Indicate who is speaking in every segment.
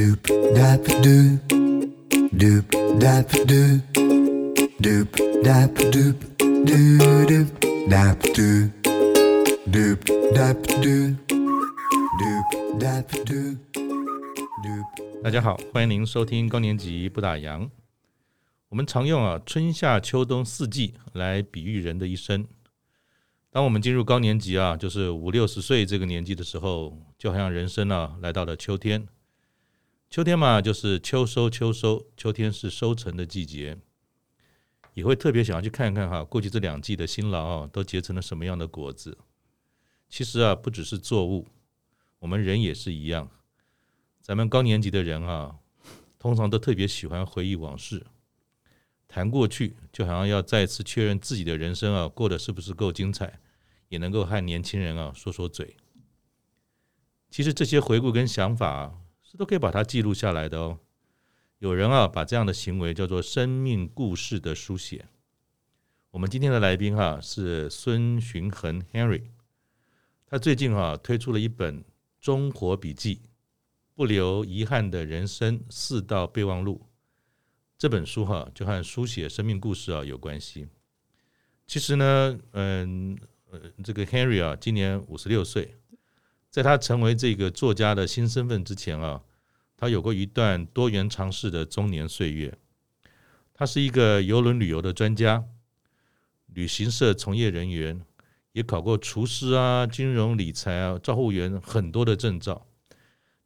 Speaker 1: Doop dap doop doop dap doop doop dap doop doop dap doop doop dap doop doop。
Speaker 2: 大家好，歡迎您收聽高年級不打烊。我們常用啊春夏秋冬四季來比喻人的一生。當我們進入高年級啊，就是五六十歲這個年紀的時候，就好像人生啊來到了秋天。秋天嘛，就是秋收秋收，秋天是收成的季節，也會特別想要去看看哈啊，過去這兩季的辛勞啊，都結成了什麼樣的果子。其實啊，不只是作物，我們人也是一樣。咱們高年級的人啊，通常都特別喜歡回憶往事，談過去就好像要再次確認自己的人生啊，過得是不是夠精彩，也能夠和年輕人啊說說嘴。其實這些回顧跟想法啊。這都可以把它記錄下來的哦。有人啊，把這樣的行為叫做“生命故事”的書寫。我們今天的來賓哈、啊、是孫珣恆 Henry，他最近哈、啊、推出了一本《終活筆記：不留遺憾的人生四道備忘錄》這本書哈、啊，就和書寫生命故事啊有關係。其實呢，嗯這個 Henry 啊，今年五十六歲。在他成為這個作家的新身份之前啊，他有過一段多元嘗試的中年歲月。他是一個郵輪旅遊的專家，旅行社從業人員，也考過廚師啊、金融理財啊、照服員很多的證照。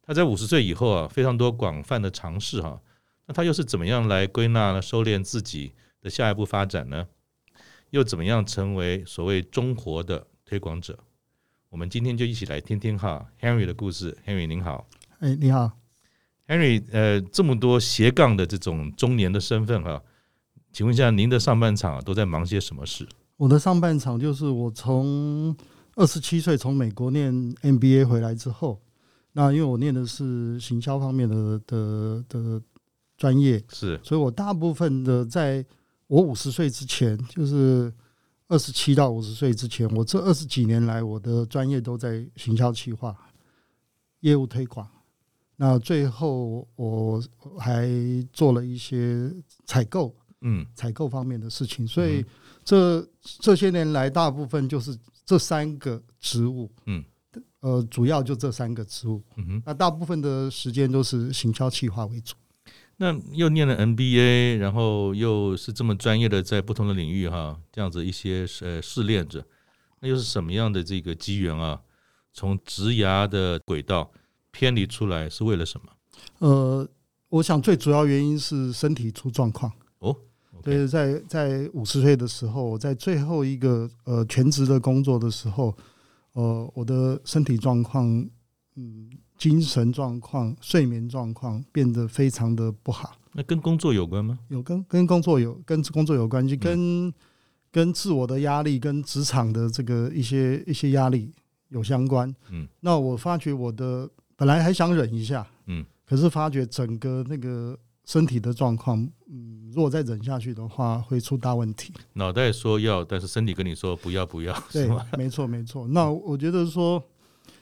Speaker 2: 他在五十歲以後啊，非常多廣泛的嘗試哈、啊。那他又是怎麼樣來歸納、收斂自己的下一步發展呢？又怎麼樣成為所謂終活的推廣者？我們今天就一起來聽聽哈 Henry 的故事。Henry 您好，
Speaker 1: 哎、欸，你好
Speaker 2: ，Henry。呃，這麼多斜槓的這種中年的身份哈、啊，請問一下，您的上半場、啊、都在忙些什麼事？
Speaker 1: 我的上半場就是我從二十七歲從美國念 MBA 回來之後，那因為我念的是行銷方面的的的專業，是，所以我大部分的在我五十歲之前就是。二十七到五十歲之前，我這二十幾年來，我的專業都在行銷企劃、業務推廣。那最後我還做了一些採購，嗯，採購方面的事情。所以這這些年來，大部分就是這三個職務，嗯，呃，主要就這三個職務。嗯，那大部分的時間都是行銷企劃為主。
Speaker 2: 那又念了 MBA，然後又是這麼專業的，在不同的領域哈，這樣子一些呃試煉着，那又是什麼樣的這個機緣啊？從職涯的軌道偏離出來是為了什麼？
Speaker 1: 呃，我想最主要原因是身體出狀況哦，對、oh? Okay.，就是在在五十歲的時候，我在最後一個呃全職的工作的時候，呃，我的身體狀況嗯。精神狀況、睡眠狀況變得非常的不好。
Speaker 2: 那跟工作有關嗎？
Speaker 1: 有，跟跟工作有，跟工作有關係，嗯、跟跟自我的壓力、跟職場的這個一些一些壓力有相關。嗯，那我發覺我的本來還想忍一下，嗯，可是發覺整個那個身體的狀況，嗯，如果再忍下去的話，會出大問題。
Speaker 2: 腦袋說要，但是身體跟你說不要不要，對，是吧？
Speaker 1: 沒錯沒錯。那我覺得說，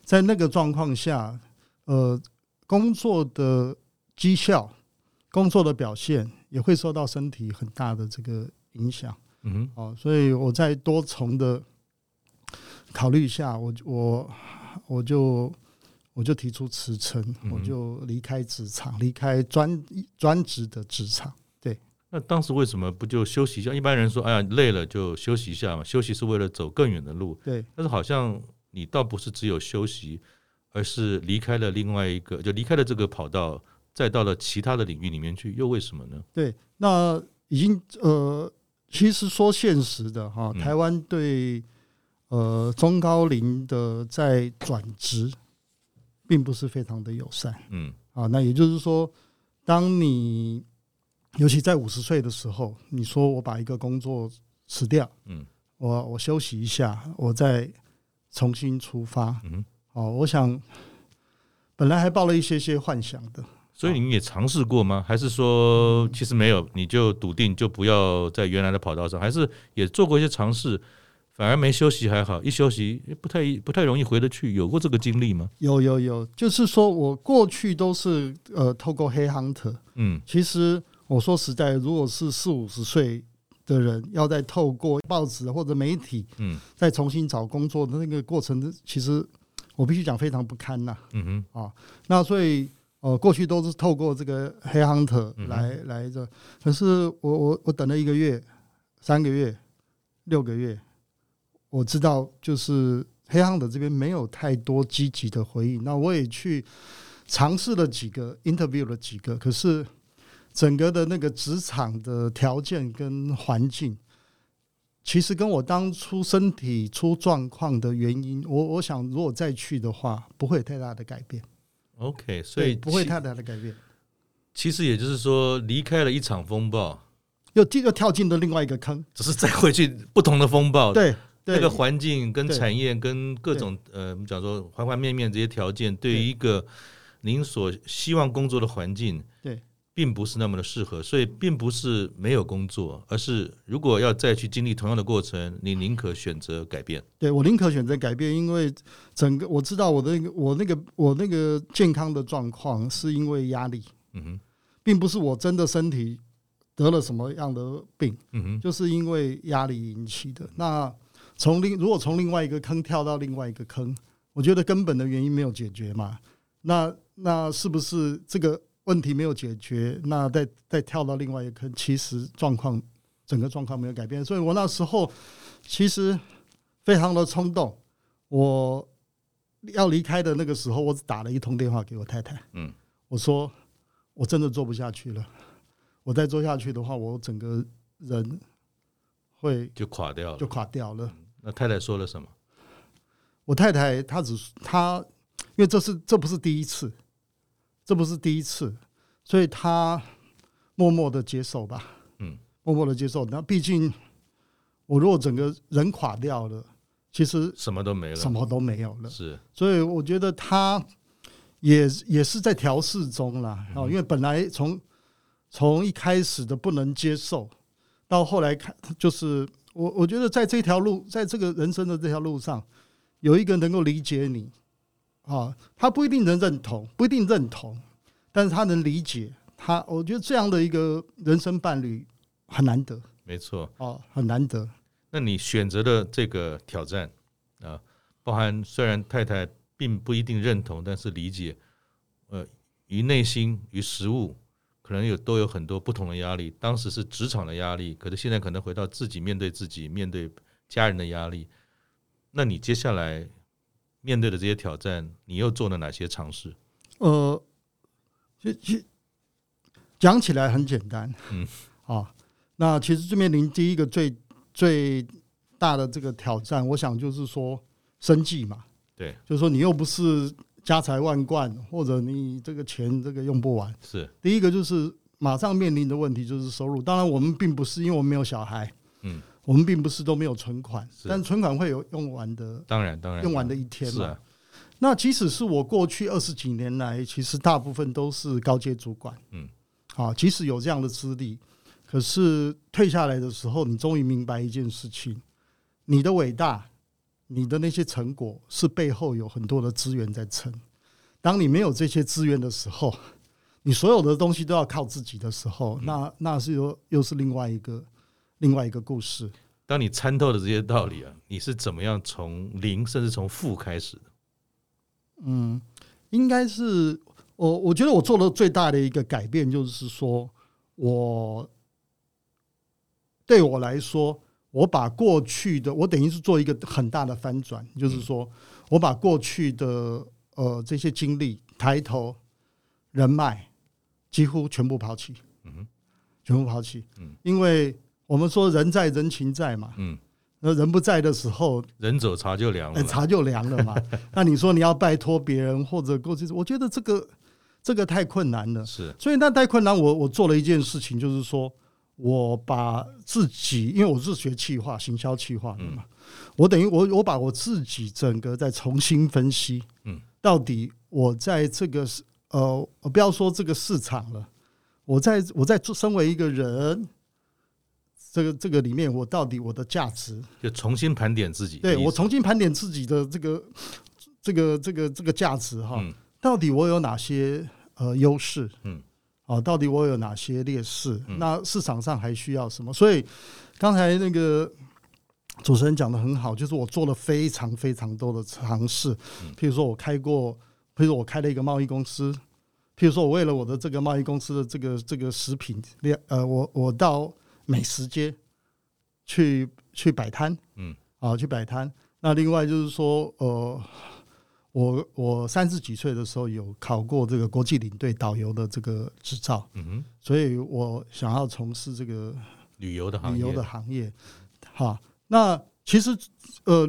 Speaker 1: 在那個狀況下。呃，工作的績效、工作的表現也會受到身體很大的這個影響。嗯哼，哦，所以我在多重的考慮一下，我我我就我就提出辭呈，嗯、哼我就離開職場，離開專專職的職場。對，
Speaker 2: 那當時為什麼不就休息一下？一般人說，哎呀，累了就休息一下嘛，休息是為了走更遠的路。對，但是好像你倒不是只有休息。而是離開了另外一個，就離開了這個跑道，再到了其他的領域裡面去，又為什麼呢？
Speaker 1: 對，那已經呃，其實說現實的哈，台灣對、嗯、呃中高齡的在轉職，並不是非常的友善。嗯，啊，那也就是說，當你尤其在五十歲的時候，你說我把一個工作辭掉，嗯我，我我休息一下，我再重新出發，嗯。哦，我想本來還抱了一些些幻想的，
Speaker 2: 所以你也嘗試過嗎？好還是說其實沒有，你就篤定就不要在原來的跑道上？還是也做過一些嘗試，反而沒休息還好，一休息不太不太容易回得去，有過這個經歷嗎？
Speaker 1: 有有有，就是說我過去都是呃透過 headhunter，嗯，其實我說實在，如果是四五十歲的人，要再透過報紙或者媒體，嗯，再重新找工作的那個過程，嗯、其實。我必須講非常不堪吶、啊，嗯哼，啊，那所以，呃，過去都是透過這個 headhunter 來、嗯、哼來着。可是我我我等了一個月、三個月、六個月，我知道就是 headhunter 這邊沒有太多積極的回應，那我也去嘗試了幾個，interview 了幾個，可是整個的那個職場的條件跟環境。其實跟我當初身體出狀況的原因，我我想如果再去的話，不會有太大的改變。
Speaker 2: OK，所以不會太大的改變。其實也就是說，離開了一場風暴，
Speaker 1: 又又跳進了另外一個坑，只是再回去不同的風暴。嗯、對，對那個環境、跟產業、跟各種
Speaker 2: 呃，我們講說方方面面這些條件，對於一個您所希望工作的環境。並不是那麼的適合，所以並不是沒有工作，而是如果要再去經歷同樣的過程，你寧可選擇改變。
Speaker 1: 對，我寧可選擇改變，因為整個我知道我的我那個我那個健康的狀況是因為壓力，嗯哼，並不是我真的身體得了什麼樣的病，嗯哼，就是因為壓力引起的。那從另如果從另外一個坑跳到另外一個坑，我覺得根本的原因沒有解決嘛，那那是不是這個？問題沒有解決，那再再跳到另外一個坑，其實狀況整個狀況沒有改變。所以我那時候其實非常的衝動，我要離開的那個時候，我只打了一通電話給我太太，嗯，我說我真的做不下去了，我再做下去的話，我整個人會就垮掉了，就垮掉了。
Speaker 2: 那太太說了什麼？
Speaker 1: 我太太她只她，因為這是這不是第一次。這不是第一次，所以他默默的接受吧，
Speaker 2: 嗯，
Speaker 1: 默默的接受。那畢竟我如果整個人垮掉了，其實
Speaker 2: 什麼都沒了，什麼都沒有了。是，
Speaker 1: 所以我覺得他也也是在調試中啦，哦。因為本來從從一開始的不能接受，到後來看，就是我我覺得在這條路，在這個人生的這條路上，有一個能夠理解你，啊、哦，他不一定能認同，不一定認同，但是他能理解他。我覺得這樣的一個人生伴侶很難得，沒錯，哦，很難得。
Speaker 2: 那你選擇的這個挑戰啊，包含雖然太太並不一定認同，但是理解。呃，於內心於實務，可能有都有很多不同的壓力。當時是職場的壓力，可是現在可能回到自己面對自己，面對家人的壓力。那你接下來？面對的這些挑戰，你又做了哪些嘗試？
Speaker 1: 呃，其實講起來很簡單，嗯，啊，那其實就面臨第一個最最大的這個挑戰，我想就是說生計嘛，對，就是說你又不是家財萬貫，或者你這個錢這個用不完，是第一個就是馬上面臨的問題就是收入。當然我們並不是，因為我們沒有小孩，嗯。我們並不是都沒有存款，是但存款會有用完的，當然當然用完的一天嘛。是啊、那即使是我過去二十幾年來，其實大部分都是高階主管，嗯，啊，即使有這樣的資歷，可是退下來的時候，你終於明白一件事情：你的偉大，你的那些成果，是背後有很多的資源在撐。當你沒有這些資源的時候，你所有的東西都要靠自己的時候，那那是又又是另外一個。另外一個故事，
Speaker 2: 當你參透了這些道理啊，你是怎麼樣從零甚至從負開始的？嗯，
Speaker 1: 應該是我，我覺得我做的最大的一個改變就是說，我對我來說，我把過去的我等於是做一個很大的翻轉，嗯、就是說我把過去的呃這些經歷、抬頭、人脈幾乎全部拋棄，嗯哼，全部拋棄，嗯，因為。我們說人在人情在嘛，嗯，那人不在的時候，
Speaker 2: 人走茶就涼了，欸，茶就
Speaker 1: 涼了嘛。 那你說你要拜託別人或者過去，我覺得這個這個太困難了。是，所以那太困難我，我我做了一件事情，就是說我把自己，因為我是學企劃行銷、企劃的嘛，嗯、我等於我我把我自己整個再重新分析，嗯，到底我在這個呃，我不要說這個市場了，我在我在做，身為一個人。這個這個裡面，我到底我的價值？
Speaker 2: 就重新盤點自己。對，我重
Speaker 1: 新盤點自己的這個這個這個這個價值哈，到底我有哪些呃優勢？嗯，嗯，嗯、啊，到底我有哪些劣勢？那市場上還需要什麼？所以剛才那個主持人講得很好，就是我做了非常非常多的嘗試，譬如說我開過，譬如說我開了一個貿易公司，譬如說我為了我的這個貿易公司的這個這個食品鏈，呃，我我到。美食街，去去擺攤，嗯，啊，去擺攤。那另外就是說，呃，我我三十幾歲的時候有考過這個國際領隊導遊的這個執照，嗯哼，所以我想要從事這個旅遊的行業，旅遊的行業，哈。那其實，呃，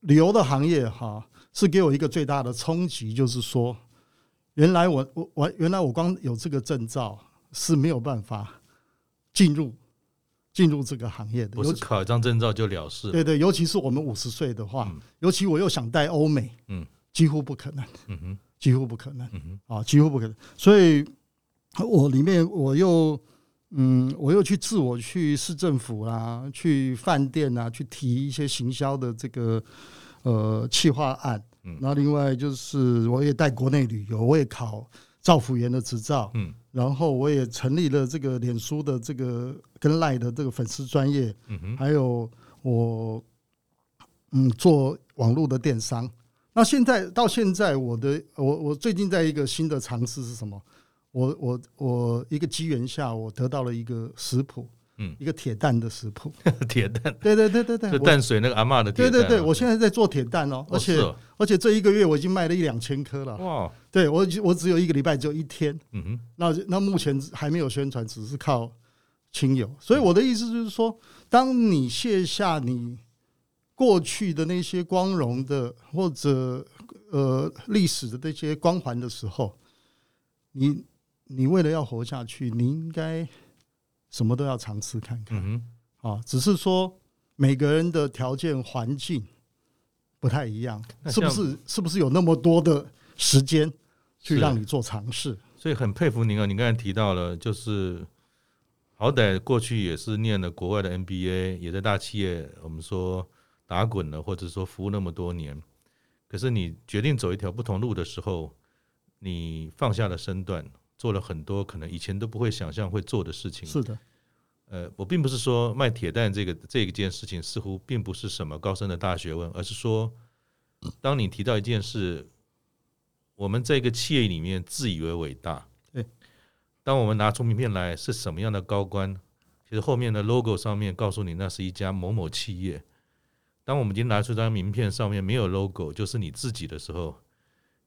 Speaker 1: 旅遊的行業哈，啊，是給我一個最大的衝擊，就是說，原來我我我原來我光有這個證照是沒有辦法進入。進入這個行業的，是
Speaker 2: 考一張證照就了事。對對，尤
Speaker 1: 其是我們五十歲的話，尤其我又想帶歐美，嗯，幾乎不可能，幾乎不可能，啊，幾乎不可能。所以我裡面我又，嗯，我又去自我去市政府啦、啊，去飯店啊，去提一些行銷的這個呃企劃案。那另外就是我也帶國內旅遊，我也考照服員的執照，嗯然後我也成立了這個臉書的這個跟 LINE 的這個粉絲專頁，還有我，嗯，做網絡的電商。那現在到現在我，我的我我最近在一個新的嘗試是什麼？我我我一個機緣下，我得到了一個食譜。嗯，一個鐵蛋的食譜，鐵蛋，對對對對對，就淡
Speaker 2: 水那個阿嬤的鐵蛋。對對對，我
Speaker 1: 現在在做鐵蛋哦、喔，而且而且這一個月我已經賣了一兩千顆了。哇，對我已經，我只有一個禮拜，只有一天。嗯哼，那那目前還沒有宣傳，只是靠親友。所以我的意思就是說，當你卸下你過去的那些光榮的或者呃歷史的那些光環的時候，你你為了要活下去，你應該。什麼都要嘗試看看，啊，只是說每個人的條件環境不太一樣，是不是？是不是有那麼多的時間去讓你做嘗試？
Speaker 2: 所以很佩服您啊！您剛才提到了，就是好歹過去也是念了國外的 MBA，也在大企業我們說打滾了，或者說服務那麼多年。可是你決定走一條不同路的時候，你放下了身段。做了很多可能以前都不會想象會做的事情。是的，呃，我並不是說賣鐵蛋這個這一件事情似乎並不是什麼高深的大學問，而是說，當你提到一件事，我們在一個企業裡面自以為偉大，當我們拿出名片來是什麼樣的高官，其實後面的 logo 上面告訴你那是一家某某企業。當我們已經拿出一張名片，上面沒有 logo，就是你自己的時候，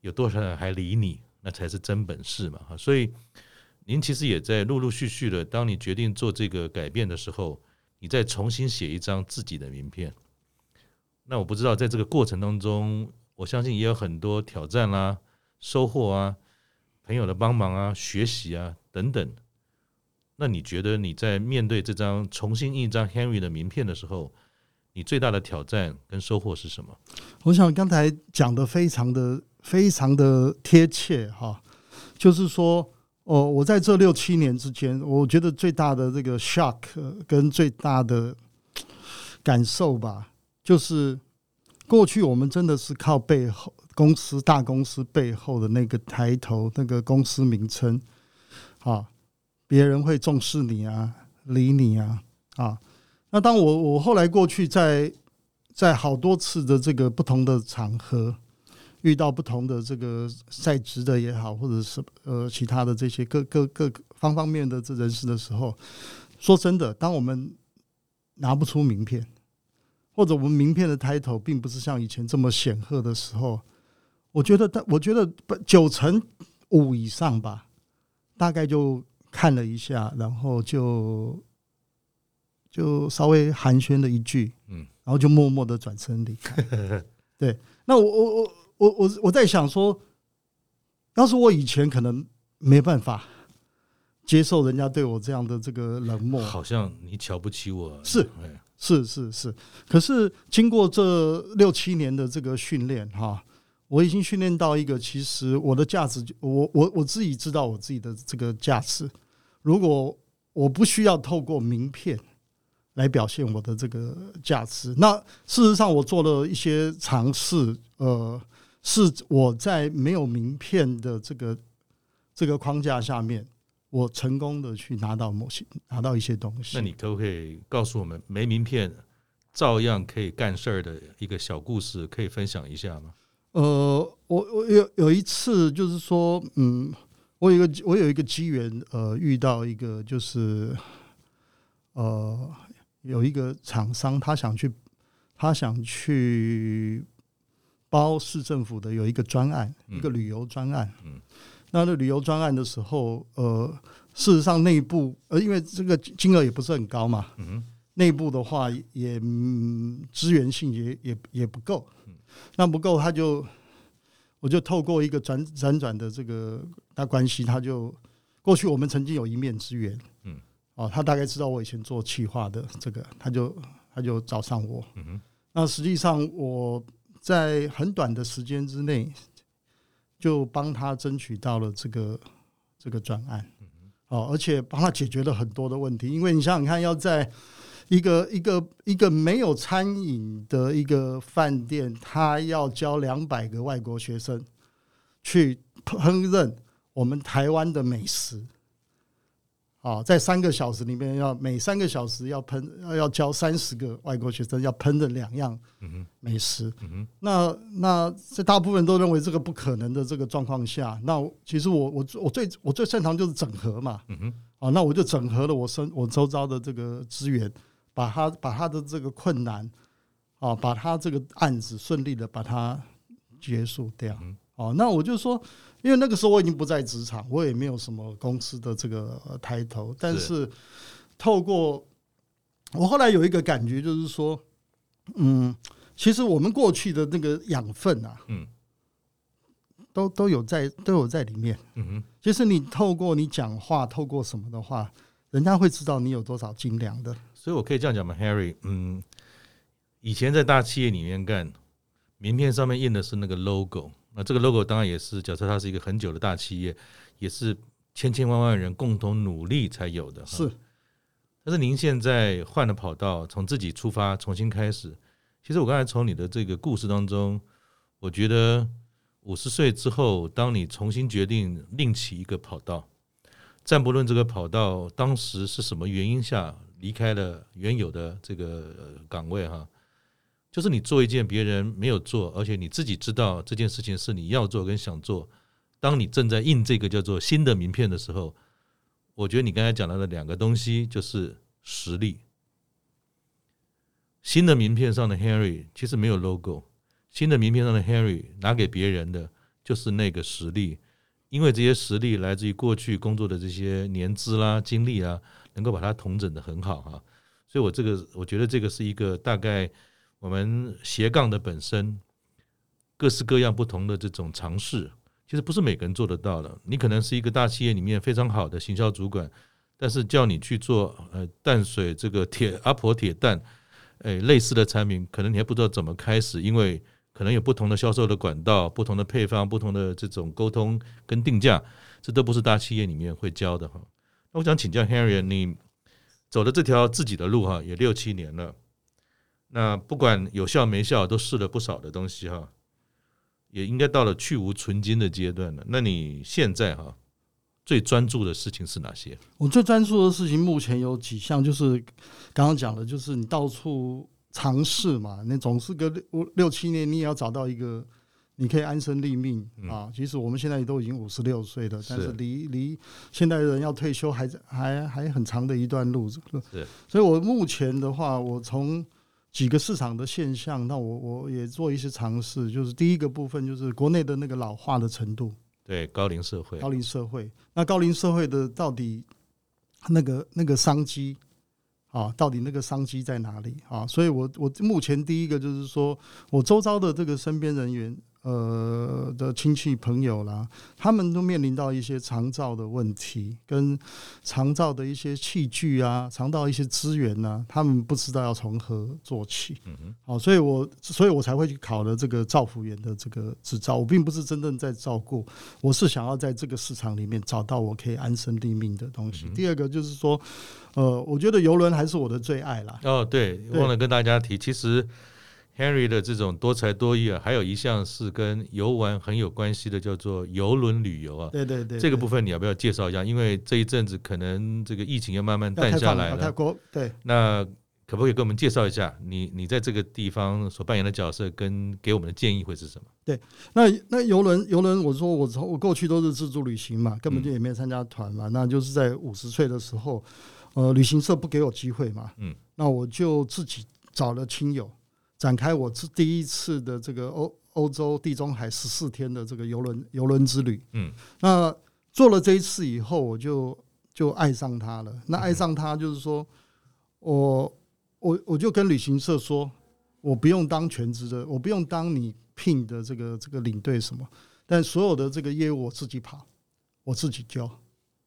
Speaker 2: 有多少人還理你？那才是真本事嘛！哈，所以您其實也在陸陸續續的，當你決定做這個改變的時候，你再重新寫一張自己的名片。那我不知道，在這個過程當中，我相信也有很多挑戰啦、啊、收穫啊、朋友的幫忙啊、學習啊等等。那你覺得你在面對這張重新印一張 Henry 的名片的時候，你最大的挑戰跟收穫是什麼？
Speaker 1: 我想剛才講的非常的。非常的貼切哈，就是說，哦，我在這六七年之間，我覺得最大的這個 shock 跟最大的感受吧，就是過去我們真的是靠背後公司大公司背後的那個抬頭，那個公司名稱，啊，別人會重視你啊、理你啊，啊，那當我我後來過去在在好多次的這個不同的場合。遇到不同的這個在職的也好，或者是呃其他的這些各各各各方方面的這人士的時候，說真的，當我們拿不出名片，或者我們名片的抬頭並不是像以前這麼顯赫的時候，我覺得，但我覺得九成五以上吧，大概就看了一下，然後就就稍微寒暄了一句，然後就默默的轉身離開。對， 那我我我。我我我在想說，要是我以前可能沒辦法接受人家對我這樣的這個冷漠，好
Speaker 2: 像你瞧不起我，是
Speaker 1: 是是是。可是經過這六七年的這個訓練哈，我已經訓練到一個，其實我的價值，我我我自己知道我自己的這個價值。如果我不需要透過名片來表現我的這個價值，那事實上我做了一些嘗試，呃。是我在沒有名片的這個這個框架下面，我成功的去拿到某些，拿到一些東西。那
Speaker 2: 你可不可以告訴我們，沒名片照樣可以幹事兒的一個小故事，可以分享一下嗎？
Speaker 1: 呃，我我有有一次，就是說，嗯，我有一個我有一個機緣，呃，遇到一個就是，呃，有一個廠商，他想去，他想去。包市政府的有一個專案，嗯、一個旅遊專案。嗯、那這旅遊專案的時候，呃，事實上內部呃，因為這個金額也不是很高嘛。嗯哼，內部的話也嗯、資源性也也也不夠。嗯、那不夠他就我就透過一個轉輾轉的這個大關係，他就過去我們曾經有一面之緣。嗯，哦，他大概知道我以前做企劃的這個，他就他就找上我。嗯哼那實際上我。在很短的時間之內，就幫他爭取到了這個這個專案，哦，而且幫他解決了很多的問題。因為你想想看，要在一個一個一個沒有餐飲的一個飯店，他要教兩百個外國學生去烹飪我們台灣的美食。啊，在三個小時裡面，要每三個小時要烹要教三十個外國學生要烹的兩樣美食、嗯嗯那。那那在大部分人都認為這個不可能的這個狀況下，那其實我我，我最我最擅長就是整合嘛。啊、嗯哼哦，那我就整合了我身我周遭的這個資源，把他把他的這個困難啊、哦，把他這個案子順利的把它結束掉。啊、嗯哼哦，那我就說。因為那個時候我已經不在職場，我也沒有什麼公司的這個抬頭。是，但是透過我後來有一個感覺，就是說，嗯，其實我們過去的那個養分啊，嗯，都都有在都有在裡面。嗯哼，其實你透過你講話，透過什麼的話，人家會知道你有多少斤兩的。
Speaker 2: 所以我可以這樣講嗎？Harry，嗯，以前在大企業裡面幹，名片上面印的是那個 logo。這個 logo 當然也是，假設它是一個很久的大企業，也是千千萬萬人共同努力才有的。是，但是您現在換了跑道，從自己出發重新開始。其實我剛才從你的這個故事當中，我覺得五十歲之後，當你重新決定另起一個跑道，暫不論這個跑道當時是什麼原因下離開了原有的這個崗位，哈。就是你做一件別人沒有做，而且你自己知道這件事情是你要做跟想做。當你正在印這個叫做新的名片的時候，我覺得你剛才講到的兩個東西就是實力。新的名片上的 Henry 其實沒有 logo，新的名片上的 Henry 拿給別人的，就是那個實力，因為這些實力來自於過去工作的這些年資啦、啊、經歷啊，能夠把它統整得很好哈、啊。所以我這個我覺得這個是一個大概。我們斜槓的本身，各式各樣不同的這種嘗試，其實不是每個人做得到的。你可能是一個大企業裡面非常好的行銷主管，但是叫你去做呃淡水這個鐵阿婆鐵蛋，誒、欸，類似的產品，可能你還不知道怎麼開始，因為可能有不同的銷售的管道、不同的配方、不同的這種溝通跟定價，這都不是大企業裡面會教的哈。那我想請教 Henry，你走的這條自己的路哈，也六七年了。那不管有效沒效，都試了不少的東西哈，也應該到了去蕪存菁的階段了。那你現在哈，最專注的事情是哪些？
Speaker 1: 我最專注的事情目前有幾項，就是剛剛講的，就是你到處嘗試嘛。那總是個五六七年，你也要找到一個你可以安身立命、嗯、啊。其實我們現在都已經五十六歲了，是但是離離現在人要退休還，還還還很長的一段路。對是，所以我目前的話，我從幾個市場的現象，那我我也做一些嘗試。就是第一個部分，就是國內的那個老化的程度，
Speaker 2: 對高齡社會，高齡
Speaker 1: 社會。那高齡社會的到底那個那個商機啊，到底那個商機在哪裡啊？所以我，我我目前第一個就是說我周遭的這個身邊人員。呃的親戚朋友啦，他們都面臨到一些長照的問題，跟長照的一些器具啊，長照一些資源呢、啊，他們不知道要從何做起。嗯，好哼、哦，所以我所以我才會去考了這個照服員的這個執照。我並不是真正在照顧，我是想要在這個市場裡面找到我可以安身立命的東西。嗯、哼第二個就是說，呃，我覺得遊輪還是我的最愛啦。
Speaker 2: 哦，對，對忘了跟大家提，其實。Henry 的這種多才多藝啊，還有一項是跟遊玩很有關係的，叫做遊輪旅遊啊。對對對，對，這個部分你要不要介紹一下？因為這一陣子可能這個疫情要慢慢淡下來了，泰國對。那可不可以給我們介紹一下你你在這個地方所扮演的角色跟給我們的建議會是什麼？
Speaker 1: 對，那那遊輪遊輪，我說我我過去都是自助旅行嘛，根本就也沒參加團嘛，嗯。那就是在五十歲的時候，呃，旅行社不給我機會嘛，嗯，那我就自己找了親友。展開我第第一次的這個歐歐洲地中海十四天的這個遊輪遊輪之旅，嗯，那做了這一次以後，我就就愛上他了。那愛上他就是說，我我我就跟旅行社說，我不用當全職的，我不用當你聘的這個這個領隊什麼，但所有的這個業務我自己跑，我自己交。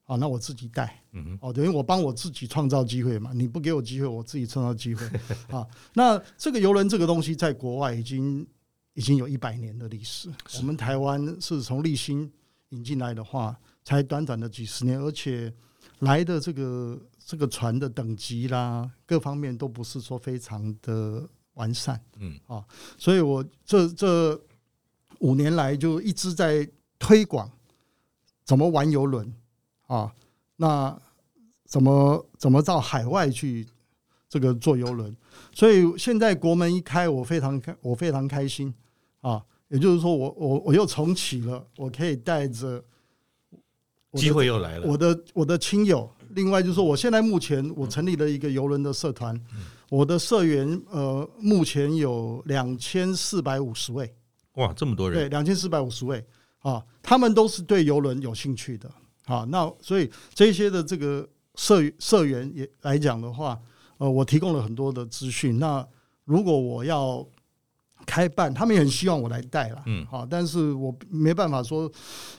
Speaker 1: 啊，那我自己帶，哦、嗯哼，等於我幫我自己創造機會嘛。你不給我機會，我自己創造機會。 啊，那這個遊輪這個東西在國外已經已經有一百年的歷史，是我們台灣是從麗星引進來的話，才短短的幾十年，而且來的這個這個船的等級啦，各方面都不是說非常的完善。嗯，啊，所以我這這五年來就一直在推廣怎麼玩遊輪。啊，那怎麼怎麼到海外去這個坐遊輪？所以現在國門一開，我非常開，我非常開心啊！也就是說我，我我我又重啟了，我可以帶着機會又來了我。我的我的親友，另外就是說，我現在目前我成立了一個遊輪的社團，我的社員呃目前有兩千四百五十位。
Speaker 2: 哇，這麼多人！對，
Speaker 1: 兩千四百五十位啊，他們都是對遊輪有興趣的。好，那所以這些的這個社社員也來講的話，呃，我提供了很多的資訊。那如果我要開辦，他們也很希望我來帶啦。嗯，好，但是我沒辦法說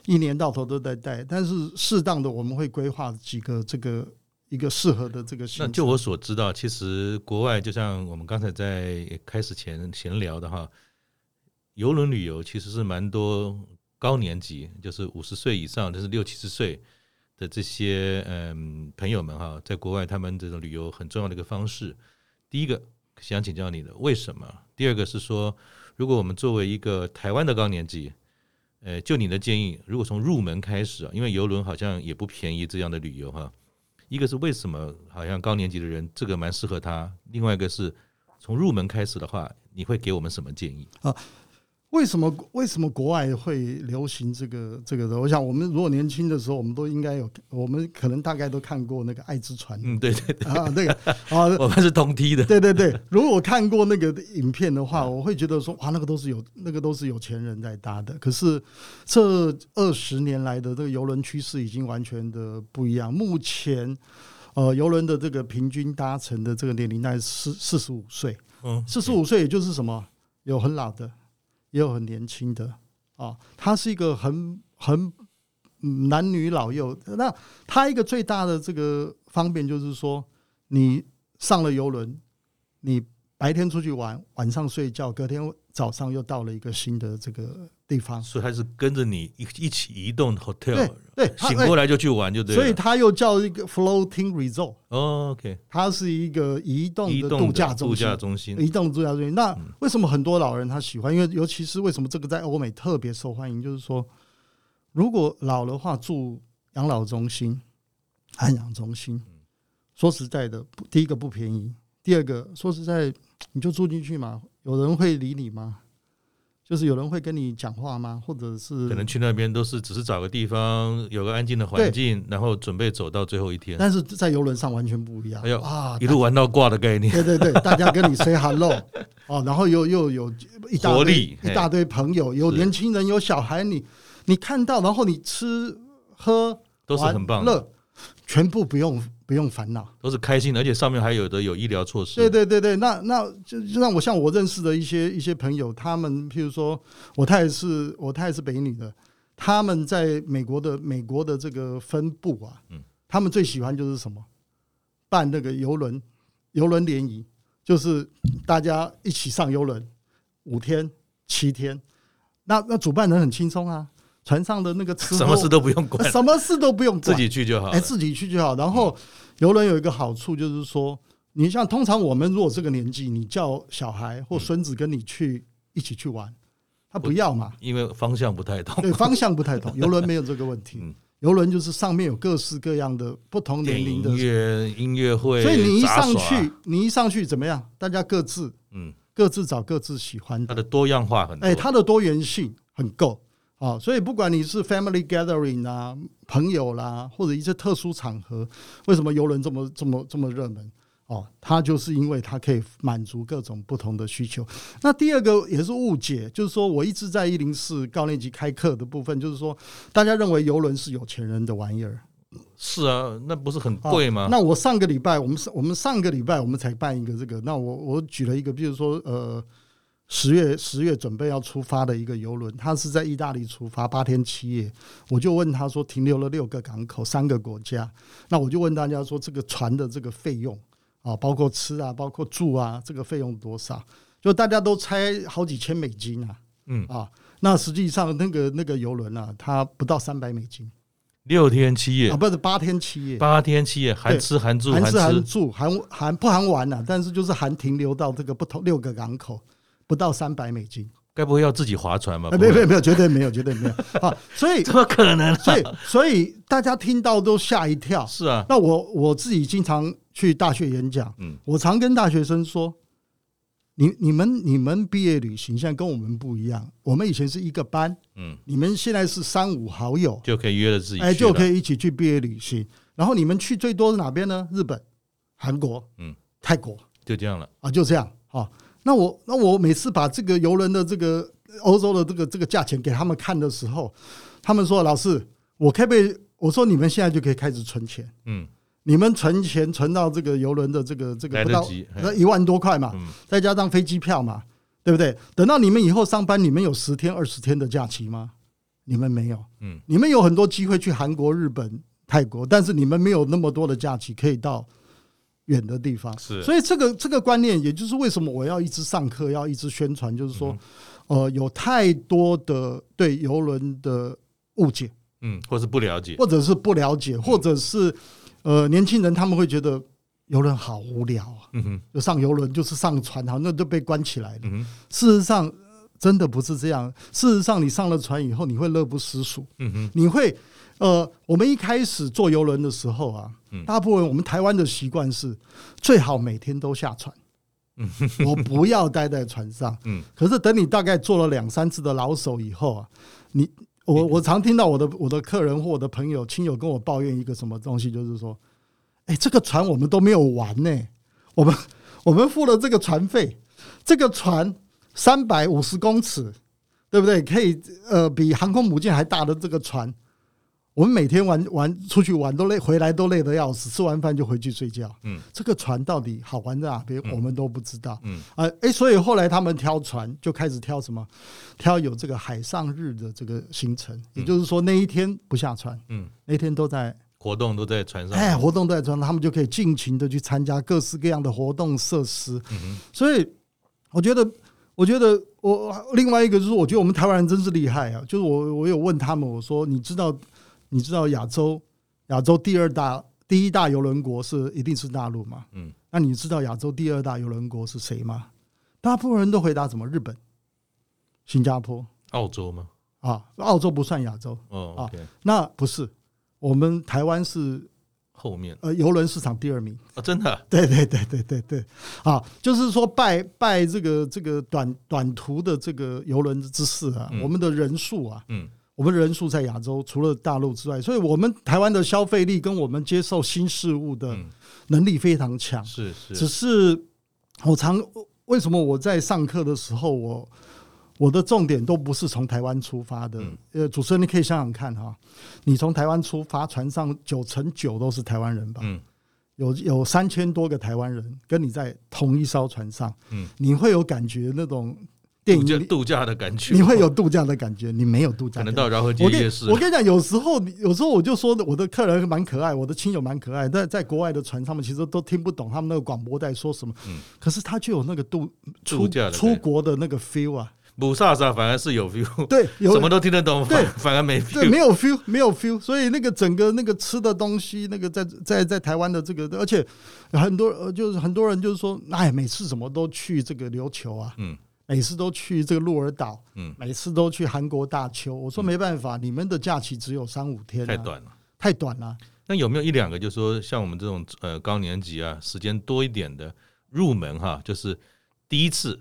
Speaker 1: 一年到頭都在帶，但是適當的我們會規劃幾個這個一個適合的這個。那就我
Speaker 2: 所知道，其實國外就像我們剛才在開始前閒聊的哈，郵輪旅遊其實是蠻多。高年級就是五十歲以上，就是六七十歲的這些嗯朋友們哈，在國外他們這種旅遊很重要的一個方式。第一個想請教你的為什麼？第二個是說，如果我們作為一個台灣的高年級，呃，就你的建議，如果從入門開始，因為遊輪好像也不便宜這樣的旅遊哈。一個是為什麼好像高年級的人這個蠻適合他？另外一個是從入門開始的話，你會給我們什麼建議？
Speaker 1: 啊為什麼為什麼國外會流行這個這個的？我想，我們如果年輕的時候，我們都應該有，我們可能大概都看過那個《愛之船》，
Speaker 2: 嗯，對對，對啊，那個啊，我們是同梯的，對對對。
Speaker 1: 如果我看過那個影片的話，我會覺得說，哇，那個都是有那個都是有錢人在搭的。可是這二十年來的這個遊輪趨勢已經完全的不一樣。目前，呃，遊輪的這個平均搭乘的這個年齡在四四十五歲，嗯，四十五歲也就是什麼，有很老的。也有很年輕的啊，他是一個很很男女老幼。那他一個最大的這個方便就是說，你上了遊輪，你白天出去玩，晚上睡覺，隔天早上又到了一個新的這個。地
Speaker 2: 方，所以他是跟着你一一起移動 hotel，對，醒過來就去玩就對。所以他
Speaker 1: 又叫一個 floating resort，OK，它是一個移動的度假中心，移動的度假中心。那為什麼很多老人他喜歡？因為尤其是為什麼這個在歐美特別受歡迎？就是說，如果老的話住養老中心、安養中心，說實在的，第一個不便宜，第二個說實在，你就住進去嘛，有人會理你嗎？就是有人會跟你講話嗎？或者是可能
Speaker 2: 去那邊都是只是找個地方，有個安靜的環境，然後準備走到最後一天。但是
Speaker 1: 在遊輪上完全不一樣，哎呦啊，一路玩到掛的概念。對對對，大家跟你 say hello 哦，然後又又有一大堆，一大堆朋友，有年輕人，有小孩，你你看到，然後你吃喝都是很棒的玩樂，全部不用。不用煩惱，
Speaker 2: 都是開心的，而且上面還有的有醫療措施。對對
Speaker 1: 對對，那那就讓我像我認識的一些一些朋友，他們譬如說，我太太是我太太是北一女的，他們在美國的美國的這個分部啊，嗯，他們最喜歡就是什麼，辦那個遊輪遊輪聯誼，就是大家一起上遊輪五天七天，那那主辦人很輕鬆啊。船上的那個車，什麼事都不用管，什麼事都不用管，自己去就好。哎，自己去就好。然後遊輪有一個好處就是說，你像通常我們如果這個年紀，你叫小孩或孫子跟你去一起去玩，他不要嘛，
Speaker 2: 因為方向不太同。對，方向不太同。遊輪沒有
Speaker 1: 這個問題。遊輪就是上面有各式各樣的不同年齡的
Speaker 2: 音樂音樂會，所以你一上去，
Speaker 1: 你一上去怎麼樣？大家各自嗯，各自找各自喜歡的。它的
Speaker 2: 多樣化很，哎，它
Speaker 1: 的多元性很夠。啊、哦，所以不管你是 family gathering、啊、朋友啦、啊，或者一些特殊場合，為什麼遊輪這麼、這麼、這麼熱門？哦，它就是因為它可以滿足各種不同的需求。那第二個也是誤解，就是說我一直在一零四高年級開課的部分，就是說大家認為遊輪是有錢人的玩意兒。
Speaker 2: 是啊，那不是很貴嗎？哦，那我
Speaker 1: 上個禮拜，我們上我們上個禮拜我們才辦一個這個，那我我舉了一個，比如說呃。十月十月準備要出發的一個遊輪，他是在意大利出發八天七夜。我就問他說，停留了六個港口，三個國家。那我就問大家說，這個船的這個費用啊，包括吃啊，包括住啊，這個費用多少？就大家都猜好幾千美金啊。嗯啊，那實際上那個那個遊輪呢，它不到三百美金。
Speaker 2: 六天七夜啊，不夜，不
Speaker 1: 是八天七夜，八
Speaker 2: 天七夜，含吃含住，含吃含
Speaker 1: 住，含不含玩啊，但是就是含停留到這個不同六個港口，不到三百美金，
Speaker 2: 該不會要自己划船嗎？沒沒沒有，絕
Speaker 1: 對沒有，絕對沒有 啊！所以怎麼可能啊？所以所以大家聽到都嚇一跳。是啊，那我我自己經常去大學演講，嗯，我常跟大學生說，你你們你們畢業旅行現在跟我們不一樣，我們以前是一個班，嗯，你們現在是三五好友
Speaker 2: 就可以約了自己去了，哎，就可以一
Speaker 1: 起去畢業旅行。然後你們去最多是哪邊呢？日本、韓國，嗯，泰國，
Speaker 2: 就這樣了
Speaker 1: 啊，就這樣啊。那我那我每次把這個遊輪的這個歐洲的這個這個價錢給他們看的時候，他們說老師，我可不可以……我說你們現在就可以開始存錢，嗯，你們存錢存到這個遊輪的這個這個不到那一萬多塊嘛，再加上飛機票嘛，對不對？等到你們以後上班，你們有十天二十天的假期嗎？你們沒有，嗯，你們有很多機會去韓國、日本、泰國，但是你們沒有那麼多的假期可以到。遠的地方，是，所以這個這個觀念，也就是為什麼我要一直上課，要一直宣傳，就是說，呃，有太多的對遊輪的誤解，嗯，
Speaker 2: 或是不了解，或者是
Speaker 1: 不了解，或者是，呃，年輕人他們會覺得遊輪好無聊，嗯哼，就上遊輪就是上船，好那都被關起來了，嗯，事實上真的不是這樣，事實上你上了船以後，你會樂不思蜀，嗯哼，你會。呃，我們一開始坐遊輪的時候啊，大部分我們台灣的習慣是最好每天都下船，嗯、我不要待在船上。嗯，可是等你大概坐了兩三次的老手以後啊，你我我常聽到我的我的客人或我的朋友親友跟我抱怨一個什麼東西，就是說，哎、欸，這個船我們都沒有玩呢、欸，我們我們付了這個船費，這個船三百五十公尺，對不對？可以呃，比航空母艦還大的這個船。我們每天玩玩出去玩都累，回來都累得要死。吃完飯就回去睡覺。嗯，這個船到底好玩在哪邊？嗯、我們都不知道。嗯，啊哎、呃欸，所以後來他們挑船就開始挑什麼，挑有這個海上日的這個行程，也就是說那一天不下船，嗯，那一天都在
Speaker 2: 活動都在船上，哎、欸，活
Speaker 1: 動都在船上，嗯，他們就可以盡情的去參加各式各樣的活動設施。嗯哼，所以我覺得，我覺得我另外一個就是，我覺得我們台灣人真是厲害啊！就是我我有問他們，我說你知道？你知道亞洲亞洲第二大第一大郵輪國是一定是大陸嗎？嗯，那你知道亞洲第二大郵輪國是誰嗎？大部分人都回答什麼？日本、新加坡、
Speaker 2: 澳洲嗎？
Speaker 1: 啊，澳洲不算亞洲哦。Okay、啊，那不是我們台灣是後面呃郵輪市場第二名啊、哦，真的？對對對對對對啊，就是說拜拜這個這個短短途的這個郵輪之勢啊，嗯、我們的人數啊，嗯。我們人數在亞洲，除了大陸之外，所以我們台灣的消費力跟我們接受新事物的能力非常強，嗯。是是，只是我常為什麼我在上課的時候我，我我的重點都不是從台灣出發的。呃、嗯，主持人，你可以想想看哈，你從台灣出發，船上九成九都是台灣人吧？嗯、有有三千多個台灣人跟你在同一艘船上，嗯、你會有感覺那種。度假
Speaker 2: 度假的感覺、哦，你，你會有
Speaker 1: 度假的感覺，你沒有度假
Speaker 2: 的感覺。可能到饒河街夜市。我跟你講，有
Speaker 1: 時候有時候我就說的，我的客人蠻可愛，我的親友蠻可愛，但在國外的船上，他們其實都聽不懂他們那個廣播在說什麼。嗯、可是他就有那個度、度假出出國的那個 feel 啊。
Speaker 2: 不薩薩反而是有 feel。對，有什麼都聽得懂，對，反，反而沒 feel。對，對，沒有
Speaker 1: feel，沒有 feel。所以那個整個那個吃的東西，那個在在在、在台灣的這個，而且很多就是很多人就是說，哎，每次怎麼都去這個琉球啊？嗯。每次都去這個鹿兒島，嗯，每次都去韓國大邱。我說沒辦法，嗯、你們的假期只有三五天、啊，太短了，太短了。
Speaker 2: 那有沒有一兩個，就是說像我們這種呃高年級啊，時間多一點的入門哈、啊，就是第一次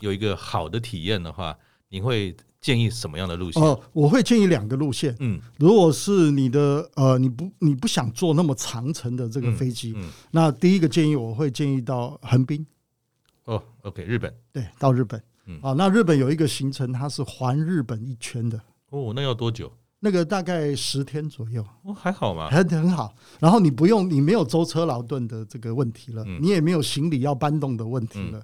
Speaker 2: 有一個好的體驗的話，你會建議什麼樣的路線？哦、呃，
Speaker 1: 我會建議兩個路線。嗯，如果是你的呃你不你不想坐那麼長程的這個飛機，嗯嗯、那第一個建議我會建議到橫濱。哦，OK，日本對，到日本，嗯，那日本有一個行程，它是環日本一圈的。
Speaker 2: 哦，那要多久？
Speaker 1: 那個大概十天左右。哦，還好吧？很很好。然後你不用，你沒有舟車勞頓的這個問題了，你也沒有行李要搬動的問題了，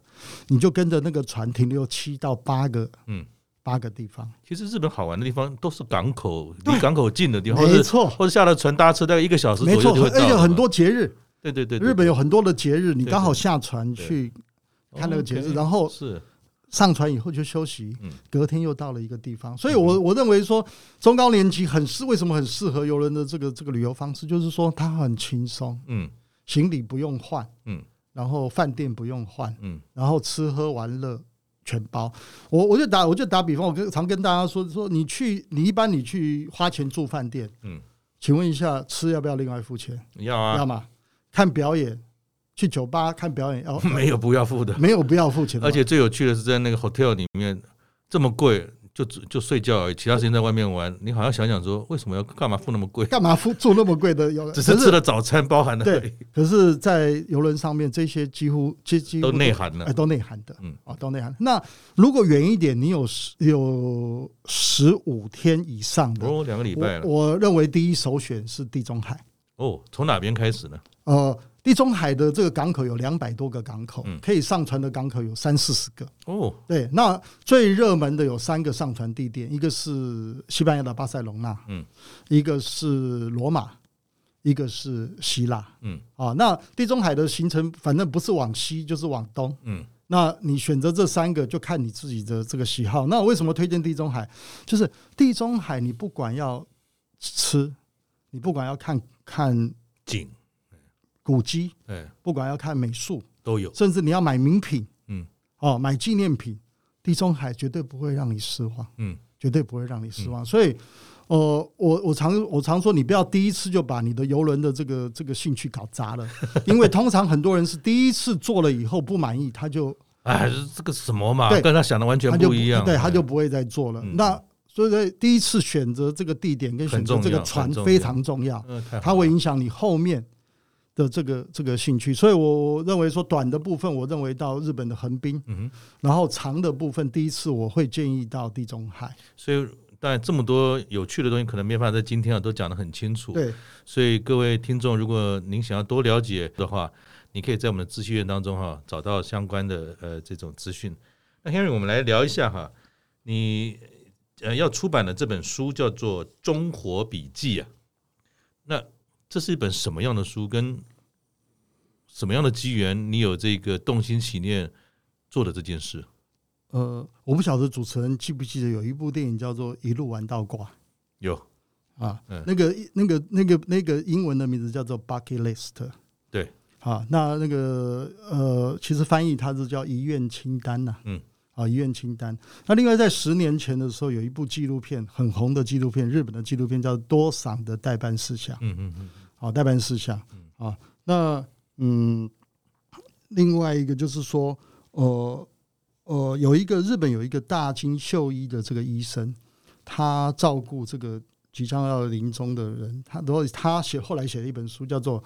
Speaker 1: 你就跟着那個船停留七到八個，嗯，八個地方。
Speaker 2: 其實日本好玩的地方都是港口，離港口近的地方，沒錯，或者下了船搭車大概一個小時左右會到，沒錯，而且很多
Speaker 1: 節日，對對對，日本有很多的節日，你剛好下船去。
Speaker 2: 看那個節日，okay, 然後
Speaker 1: 是上船以後就休息，是隔天又到了一個地方，嗯、所以我，我我認為說中高年級很適，為什麼很適合遊輪的這個這個旅遊方式？就是說它很輕鬆，嗯，行李不用換，嗯，然後飯店不用換，嗯，然後吃喝玩樂全包。我我就打我就打比方，我跟常跟大家說說，你去你一般你去花錢住飯店，嗯，請問一下吃要不要另外付錢？要啊，要嗎？看表演。去酒吧看表演要、呃、沒有不要付的，沒有不要付
Speaker 2: 錢的。而且最有趣的是在那個 hotel 裡面這麼貴，就就睡覺而已，其他時間在外面玩。對你好好想想說，為什麼要幹嘛付那麼貴？幹嘛付
Speaker 1: 住那麼貴的遊？有只是吃的早
Speaker 2: 餐包含的對。
Speaker 1: 可是，在遊輪上面這些幾乎，幾乎都，都內涵的、呃，都內涵的，嗯、哦、都內涵。那如果遠一點，你有十有十五天以上的，我、哦、兩個禮拜了我。我認為第一首選是地中海。
Speaker 2: 哦，從哪邊開始呢？
Speaker 1: 呃。地中海的這個港口有兩百多個港口，嗯、可以上船的港口有三四十個。哦，對，那最熱門的有三個上船地點，一個是西班牙的巴塞隆納，嗯、一個是羅馬，一個是希臘，嗯，啊，那地中海的行程反正不是往西就是往東，嗯，那你選擇這三個就看你自己的這個喜好。那我為什麼推薦地中海？就是地中海，你不管要吃，你不管要看看景。古蹟，不管要看美術都有，甚至你要買名品，嗯，哦，買紀念品，地中海絕對不會讓你失望，嗯，絕對不會讓你失望。嗯、所以，呃，我我常我常說，你不要第一次就把你的遊輪的這個這個興趣搞砸了，因為通常很多人是第一次坐了以後不滿意，他就哎，這個什麼嘛，對，跟他
Speaker 2: 想的完全不一樣，對，
Speaker 1: 他就不會再坐了。嗯、那所以說，第一次選擇這個地點跟選擇這個船非常重要，它、呃、會影響你後面。的這個這個興趣，所以我認為說短的部分，我認為到日本的橫濱，嗯哼，然後長的部分，第一次我會建議到地中海。
Speaker 2: 所以當然這麼多有趣的東西，可能沒辦法在今天啊都講得很清楚。對，所以各位聽眾，如果您想要多了解的話，你可以在我們的資訊院當中哈、啊、找到相關的呃這種資訊。那 Henry，我們來聊一下哈，你呃要出版的這本書叫做《終活筆記》啊，那這是一本什麼樣的書？跟什麼樣的機緣，你有這個動心起念做的這件事？
Speaker 1: 呃，我不曉得主持人記不記得有一部電影叫做《一路玩到掛》。
Speaker 2: 有啊，嗯、
Speaker 1: 那個、那個、那個、那個英文的名字叫做《Bucket List》。對，啊，那那個呃，其實翻譯它是叫“遺願清單、啊”吶。嗯，啊，遺願清單。那另外，在十年前的時候，有一部紀錄片很紅的紀錄片，日本的紀錄片叫《多桑的代辦事項》。嗯嗯嗯，好、啊，代辦事項。嗯啊，那。嗯，另外一個就是說，呃呃，有一個日本有一個大津秀一的這個醫生，他照顧這個即將要臨終的人，他都後他寫後來寫了一本書，叫做《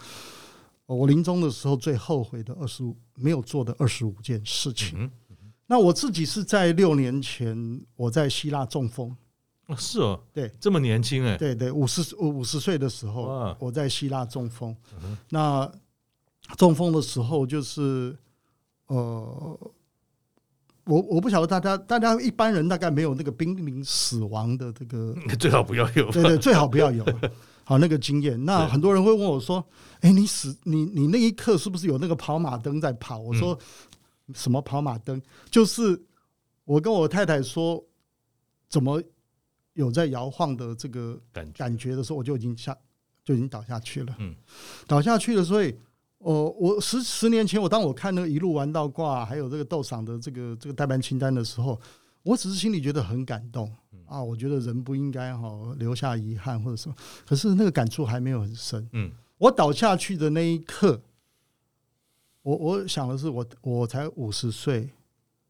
Speaker 1: 我臨終的時候最後悔的二十五沒有做的二十五件事情》。那我自己是在六年前，我在希臘中風哦。
Speaker 2: 是哦，對，這麼年輕哎、欸，對
Speaker 1: 對，五十五五十歲的時候，哇我在希臘中風，嗯、哼那。中風的時候，就是呃，我我不曉得大家大家一般人大概沒有那個瀕臨死亡的這個，最好不要有，對，對對，最好不要有 好那個經驗。那很多人會問我說：“哎、欸，你死你你那一刻是不是有那個跑馬燈在跑？”我說：“嗯、什麼跑馬燈？就是我跟我太太說，怎麼有在搖晃的這個感覺的時候，我就已經下就已經倒下去了。嗯、倒下去了，所以。”哦，我十十年前，我當我看那個一路玩到掛，還有這個多桑的這個這個代辦清單的時候，我只是心裡覺得很感動啊！我覺得人不應該哈留下遺憾或者什麼。可是那個感觸還沒有很深。嗯，我倒下去的那一刻，我我想的是，我我才五十歲，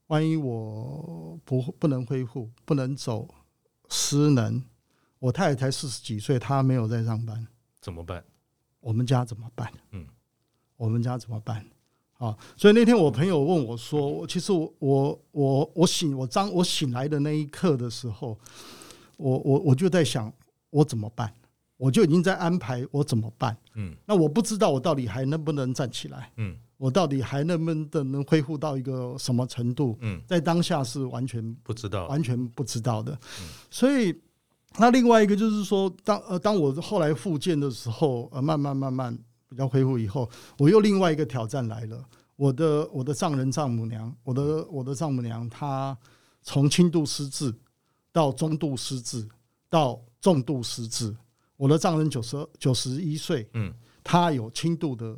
Speaker 1: 萬一我不不能恢復、不能走、失能，我太太才四十幾歲，她沒有在上班、嗯，怎麼辦？我們家怎麼辦？嗯。我們家怎麼辦？啊，所以那天我朋友問我說：“我其實我我我我醒我當我醒來的那一刻的時候我，我我我就在想我怎麼辦？我就已經在安排我怎麼辦？嗯，那我不知道我到底還能不能站起來？嗯，我到底還能不能能恢復到一個什麼程度？嗯，在當下是完全不知道，完全不知道的。所以那另外一個就是說當，當呃當我後來復健的時候，呃，慢慢慢慢。要恢復以後，我又另外一個挑戰來了。我的我的丈人丈母娘，我的我的丈母娘，她從輕度失智到中度失智到重度失智。我的丈人九十九十一歲，嗯，他有輕度的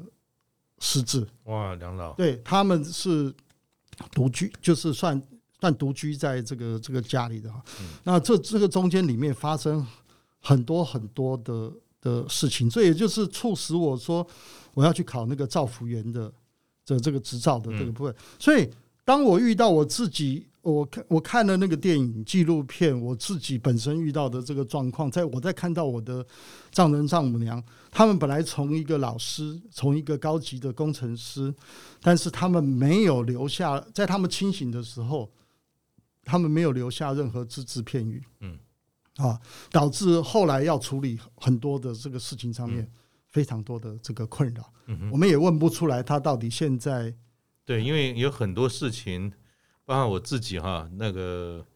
Speaker 1: 失智。哇，兩老，對，他們是獨居，就是算算獨居在這個這個家裡的哈。嗯、那這這個中間裡面發生很多很多的。的事情，所以也就是促使我說我要去考那個照服員的這這個執照的這個部分。所以，當我遇到我自己，我看我看了那個電影紀錄片，我自己本身遇到的這個狀況，在我在看到我的丈人丈母娘，他們本來從一個老師，從一個高級的工程師，但是他們沒有留下，在他們清醒的時候，他們沒有留下任何只字片語。啊，導致後來要處理很多的這個事情上面，非常多的這個困擾，嗯、哼我們也問不出來他到底現在
Speaker 2: 對，因為有很多事情，包括我自己哈，那個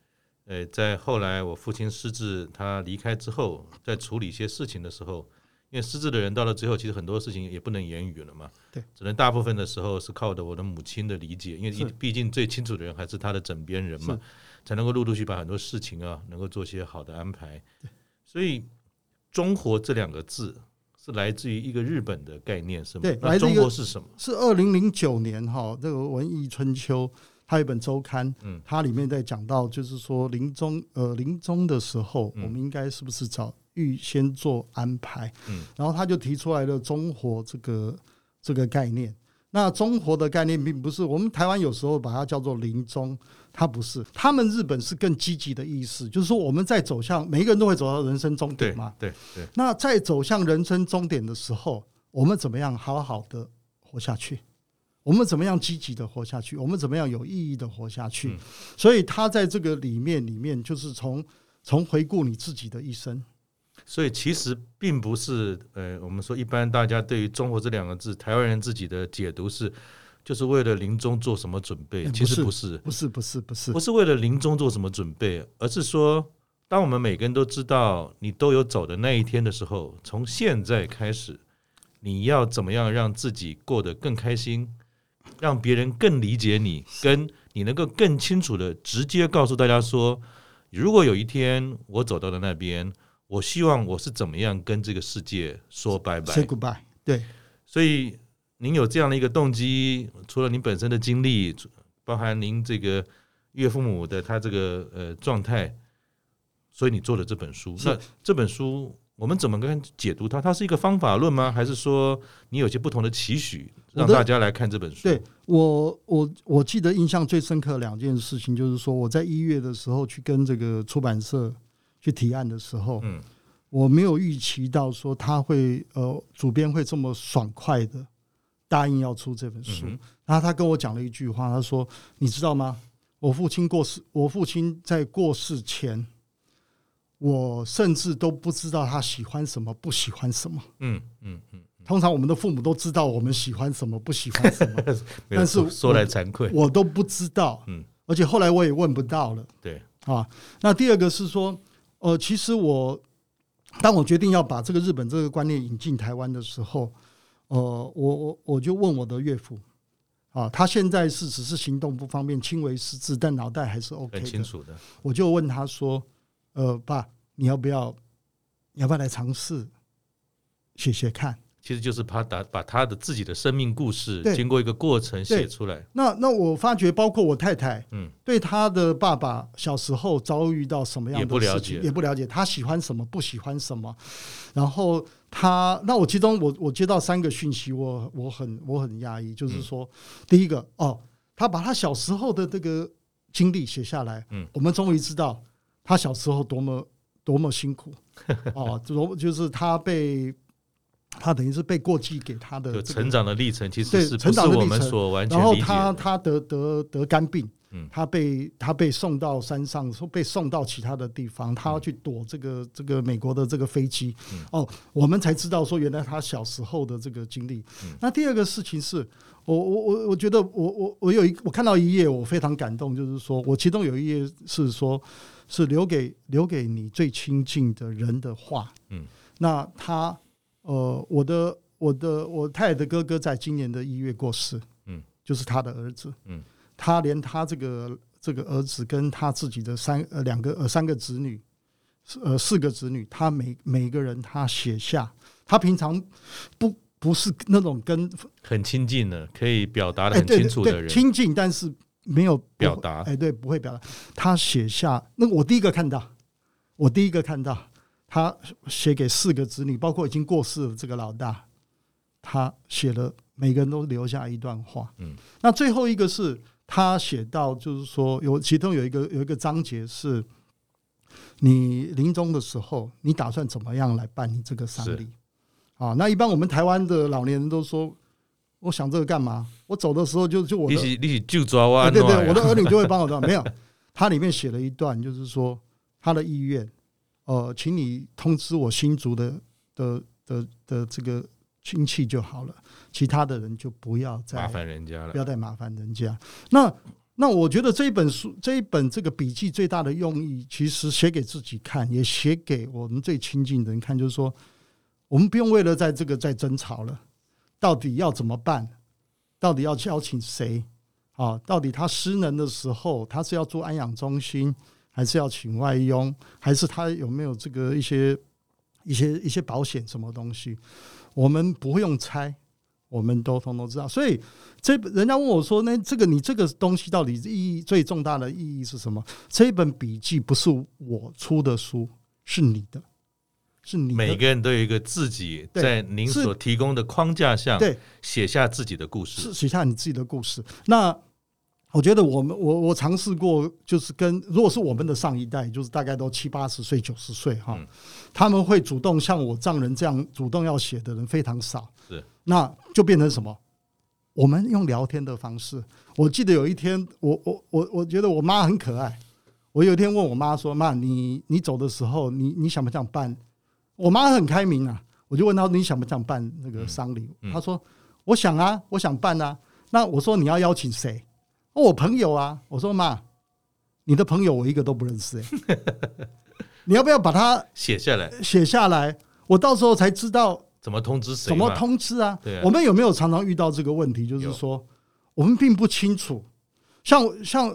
Speaker 2: 呃、欸，在後來我父親失智，他離開之後，在處理一些事情的時候，因為失智的人到了最後，其實很多事情也不能言語了嘛，對，只能大部分的時候是靠著我的母親的理解，因為畢竟最清楚的人還是他的枕邊人嘛。是才能夠陸陸續續把很多事情啊，能夠做些好的安排。對，所以“終活”這兩個字是來自於一個日本的概念，是嗎？對，來終活是什麼？
Speaker 1: 是二零零九年哈，這個《文藝春秋》它有一本週刊，嗯，它裡面在講到，就是說臨終呃臨終的時候，我們應該是不是早預先做安排？嗯，然後他就提出來了“終活”這個這個概念。那終活的概念並不是，我們台灣有時候把它叫做臨終，它不是。他們日本是更積極的意思，就是說我們在走向每個人都會走到人生終點嘛，對對。那在走向人生終點的時候，我們怎麼樣好好的活下去？我們怎麼樣積極的活下去？我們怎麼樣有意義的活下去？所以他在這個裡面，裡面就是從從回顧你自己的一生。
Speaker 2: 所以其實並不是，呃，我們說一般大家對於「終活」這兩個字，台灣人自己的解讀是，就是為了臨終做什麼準備？嗯，其實不是，不是，不是，不是，不是，不是為了臨終做什麼準備，而是說，當我們每個人都知道你都有走的那一天的時候，從現在開始，你要怎麼樣讓自己過得更開心，讓別人更理解你，是跟你能夠更清楚地直接告訴大家說，如果有一天我走到了那邊。我希望我是怎麼樣跟這個世界說拜拜。Say
Speaker 1: goodbye。對，
Speaker 2: 所以您有這樣的一個動機，除了您本身的經歷，包含您這個岳父母的他這個呃狀態，所以你做了這本書。是那這本書我們怎麼跟解讀它？它是一個方法論嗎？還是說你有些不同的期許，讓大家來看這本書？我對
Speaker 1: 我，我我記得印象最深刻兩件事情，就是說我在一月的時候去跟這個出版社，去提案的時候，我沒有預期到說他會呃，主編會這麼爽快的答應要出這本書。然後他跟我講了一句話，他說：“你知道嗎？我父親過世，我父親在過世前，我甚至都不知道他喜歡什麼，不喜歡什麼。”嗯嗯嗯。通常我們的父母都知道我們喜歡什麼，不喜歡什麼。但是說來慚愧，我都不知道。嗯。而且後來我也問不到了。對啊。那第二個是說。呃，其實我當我決定要把這個日本這個觀念引進台灣的時候，呃，我我我就問我的岳父，啊，他現在是只是行動不方便，輕微失智，但腦袋還是 OK 的，很清楚的。我就問他說，呃，爸，你要不要，你要不要來嘗試寫寫看？
Speaker 2: 其實就是他打把他的自己的生命故事經過一個過程寫出來。
Speaker 1: 那那我發覺，包括我太太，嗯，對他的爸爸小時候遭遇到什麼樣的也不了解，也不了解他喜歡什麼不喜歡什麼。然後他那我其中我我接到三個訊息，我我很我很訝異，就是說，嗯、第一個哦，他把他小時候的這個經歷寫下來，嗯，我們終於知道他小時候多麼多麼辛苦 哦，這種就是他被。他等於是被過繼給他的、這個、成長的歷程，其實是不是我們所完全理解的。然後他他得得得肝病，嗯、他被他被送到山上，說被送到其他的地方，他要去躲這個、嗯、這個美國的這個飛機。嗯、哦，我們才知道說原來他小時候的這個經歷。嗯、那第二個事情是我我我我覺得我我我有一我看到一頁我非常感動，就是說我其中有一頁是說是留給留給你最親近的人的話，嗯，那他。呃，我的我的我太太的哥哥在今年的一月過世，嗯，就是他的兒子，嗯，他連他這個這個兒子跟他自己的三呃兩個呃三個子女，呃四個子女，他每每個人他寫下，他平常不不是那種跟
Speaker 2: 很親近的，可以表達的很清楚的人，欸、親近
Speaker 1: 但是沒有表達，哎對，不會表達，他寫下，那我第一個看到，我第一個看到。他寫給四個子女，包括已經過世的這個老大，他寫了每個人都留下一段話。嗯，那最後一個是他寫到，就是說有其中有一個有一個章節是，你臨終的時候，你打算怎麼樣來辦理這個喪禮？是啊，那一般我們台灣的老年人都說，我想這個幹嘛？我走的時候就就我你是你是舅，抓對對對，我的兒女就會幫我做。 沒有，他裡面寫了一段，就是說他的意願。哦、呃，請你通知我新竹的的的的這個親戚就好了，其他的人就不要再麻煩
Speaker 2: 人家了，不要再
Speaker 1: 麻煩人家，那那那我覺得這一本書，這一本這個筆記最大的用意，其實寫給自己看，也寫給我們最親近的人看，就是說，我們不用為了在這個在爭吵了，到底要怎麼辦？到底要邀請誰啊？到底他失能的時候，他是要住安養中心？還是要請外傭，還是他有沒有這個一些一些一些保險什麼東西？我們不用猜，我們都通通知道。所以這人家問我說：“那這個你這個東西到底意義最重大的意義是什麼？”這一本筆記不是我出的書，是你的，是你。每個
Speaker 2: 人都有一個自己在您所提供的框架下寫下自己的故事，
Speaker 1: 寫下你自己的故事。那。我覺得我們我我嘗試過，就是跟如果是我們的上一代，就是大概都七八十歲、九十歲哈，他們會主動像我丈人這樣主動要寫的人非常少。是，那就變成什麼？我們用聊天的方式。我記得有一天，我我我我覺得我媽很可愛。我有一天問我媽說：“媽，你你走的時候，你你想不想辦？”我媽很開明啊，我就問她：“你想不想辦那個喪禮？”嗯嗯、她說：“我想啊，我想辦啊。”那我說：“你要邀請誰？”我朋友啊，我說媽，你的朋友我一個都不認識，欸，你要不要把它
Speaker 2: 寫下來？
Speaker 1: 寫下來，我到時候才知道
Speaker 2: 怎麼通知誰，怎麼通知啊？我
Speaker 1: 們有沒有常常遇到這個問題？就是說，我們並不清楚。像像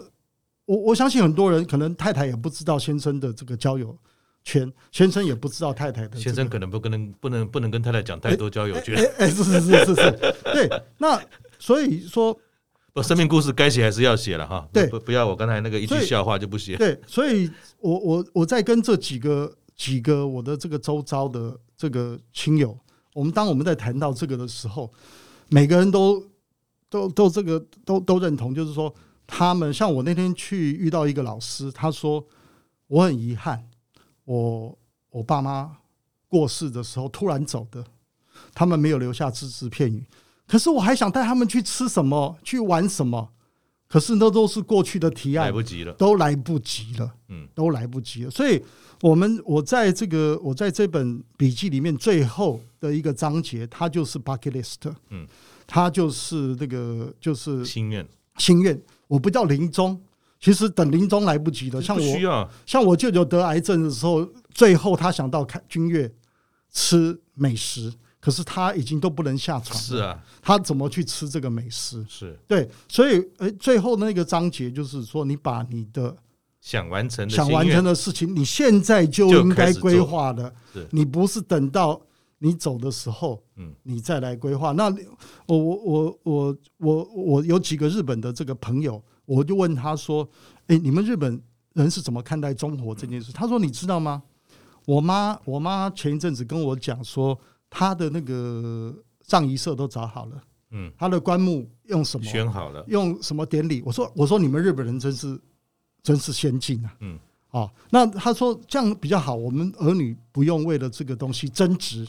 Speaker 1: 我，我相信很多人可能太太也不知道先生的這個交友圈，先生也不知道太太的。先
Speaker 2: 生可能不跟能不能不能跟太太講太多交友圈？哎，是是是是
Speaker 1: 是，對。那所以說。
Speaker 2: 我生命故事該寫還是要寫了哈。對，不不要我剛才那個一句笑話就不寫。對，
Speaker 1: 所以我，我我我在跟這幾個幾個我的這個周遭的這個親友，我們當我們在談到這個的時候，每個人都都都這個都都認同，就是說，他們像我那天去遇到一個老師，他說我很遺憾，我我爸媽過世的時候突然走的，他們沒有留下只字片語。可是我還想帶他們去吃什麼，去玩什麼？可是那都是過去的提案，來不、嗯、來不及了，都來不及了，嗯，都來不及了。所以，我們我在這個我在這本筆記裡面最後的一個章節，它就是 bucket list，嗯，它就是那個就是心願心願。我不叫臨終，其實等臨終來不及了。像我像我舅舅得癌症的時候，最後他想到看君悅吃美食。可是他已經都不能下床了，他怎麼去吃這個美食？是對，所以最後那個章節就是說，你把你的
Speaker 2: 想完成想完成的
Speaker 1: 事情，你現在就應該規劃了，你不是等到你走的時候，你再來規劃。那我我我我我我有幾個日本的這個朋友，我就問他說：“哎、欸，你們日本人是怎麼看待終活這件事？”他說：“你知道嗎？我媽我媽前一陣子跟我講說。”他的那個葬儀社都找好了，嗯，他的棺木用什麼選好了？用什麼典禮？我說，我說你們日本人真是，真是先進啊，嗯，啊、哦，那他說這樣比較好，我們兒女不用為了這個東西爭執，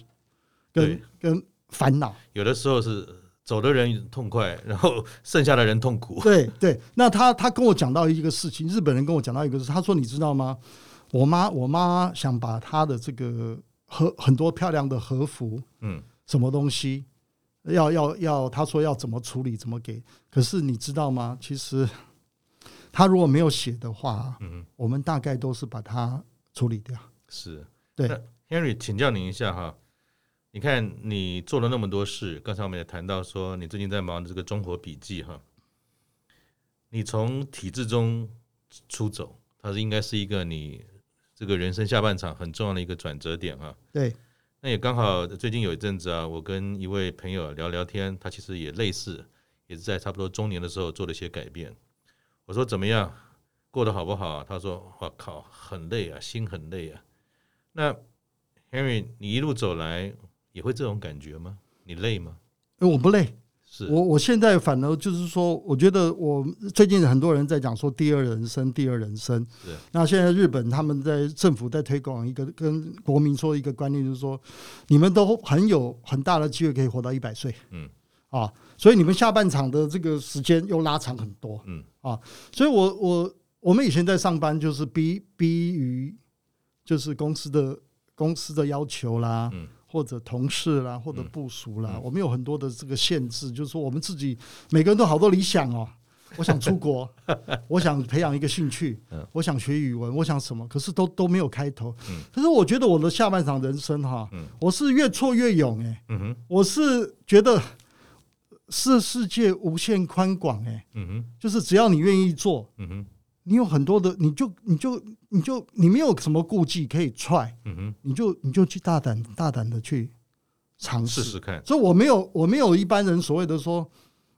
Speaker 1: 對跟跟煩惱。
Speaker 2: 有的時候是走的人痛快，然後剩下的人痛苦。對
Speaker 1: 對，那他他跟我講到一個事情，日本人跟我講到一個事，他說你知道嗎？我媽我媽想把她的這個。和很多漂亮的和服，嗯，什麼東西，要要要，他說要怎麼處理，怎麼給？可是你知道嗎？其實他如果沒有寫的話，嗯，嗯，我們大概都是把它處理掉。
Speaker 2: 是，對，那 Henry，請教你一下哈。你看，你做了那麼多事，剛才我們也談到說，你最近在忙這個《終活筆記》哈，你從體制中出走，它是應該是一個你。這個人生下半場很重要的一個轉折點啊！對，那也剛好最近有一陣子啊，我跟一位朋友聊聊天，他其實也類似，也是在差不多中年的時候做了一些改變。我說，怎麼樣，過得好不好啊？他說我靠，很累啊，心很累啊。那 Henry，你一路走來也會這種感覺嗎？你累嗎？
Speaker 1: 哎，我不累。我，是我現在反而就是說，我覺得我最近很多人在講說“第二人生”，“第二人生是”。那現在日本他們在政府在推廣一個跟國民說一個觀念，就是說你們都很有很大的機會可以活到一百歲。嗯。啊，所以你們下半場的這個時間又拉長很多，啊。嗯。啊，所以我我我們以前在上班就是逼逼於就是公司的公司的要求啦。嗯。或者同事啦，或者部屬啦，嗯、我們有很多的這個限制，嗯、就是說我們自己每個人都好多理想哦、喔，我想出國， 我想培養一個興趣，嗯、我想學語文，我想什麼，可是都都沒有開頭。嗯、可但是我覺得我的下半場人生哈、啊，嗯、我是越挫越勇哎、欸，嗯、哼我是覺得是世界無限寬廣哎，嗯、哼就是只要你願意做，嗯你有很多的，你就你就你就你沒有什麼顧忌可以踹、嗯哼，嗯你就你就去大膽大膽的去嘗試試看。所以我沒有我沒有一般人所謂的說，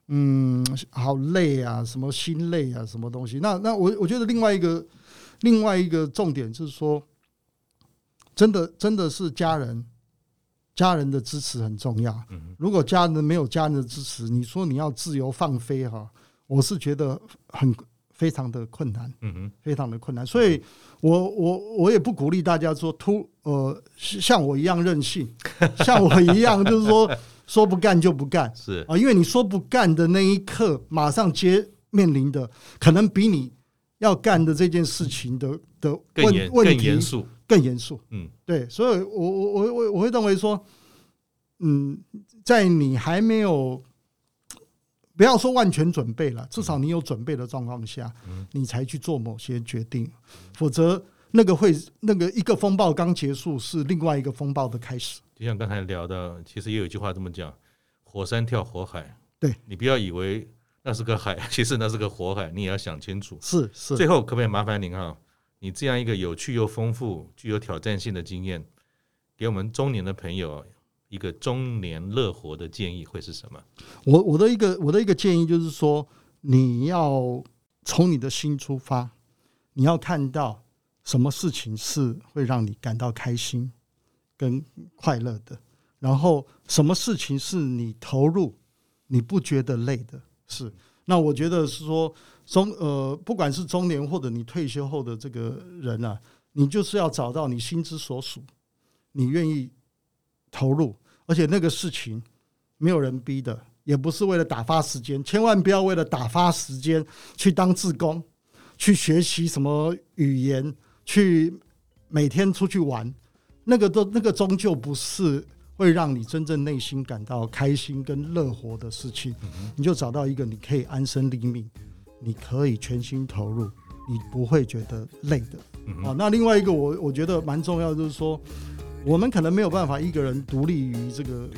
Speaker 1: 嗯，好累啊，什麼心累啊，什麼東西。那那我我覺得另外一個另外一個重點就是說，真的真的是家人，家人的支持很重要。嗯、哼如果家人沒有家人的支持，你說你要自由放飛哈、啊，我是覺得很。非常的困難，嗯哼，非常的困難，所以我，我我我也不鼓勵大家說突呃像我一樣任性， 像我一樣就是說 說不幹就不幹，是啊、呃，因為你說不幹的那一刻，馬上接面臨的可能比你要幹的這件事情的的問更嚴問題更嚴肅，更嚴肅，嗯，對，所以我我我我我會認為說，嗯，在你還沒有。不要說萬全準備了，至少你有準備的狀況下，你才去做某些決定，否則那個會那個一個風暴剛結束，是另外一個風暴的開始。
Speaker 2: 就像剛才聊的，其實也有一句話這麼講：火山跳火海。對。你不要以為那是個海，其實那是個火海，你也要想清楚。是是，最後可不可以麻煩您哈？你這樣一個有趣又豐富、具有挑戰性的經驗，給我們中年的朋友。一個中年樂活的建議會是什
Speaker 1: 麼？我我的一個我的一個建議就是說，你要從你的心出發，你要看到什麼事情是會讓你感到開心跟快樂的，然後什麼事情是你投入你不覺得累的。是，那我覺得是說中呃，不管是中年或者你退休後的這個人呢、啊，你就是要找到你心之所屬，你願意。投入，而且那個事情沒有人逼的，也不是為了打發時間。千萬不要為了打發時間去當志工，去學習什麼語言，去每天出去玩，那個都那個終究不是會讓你真正內心感到開心跟樂活的事情。嗯、哼你就找到一個你可以安身立命，你可以全心投入，你不會覺得累的。啊、嗯哼，那另外一個我我覺得蠻重要的就是說。我們可能沒有辦法一個人獨立於這個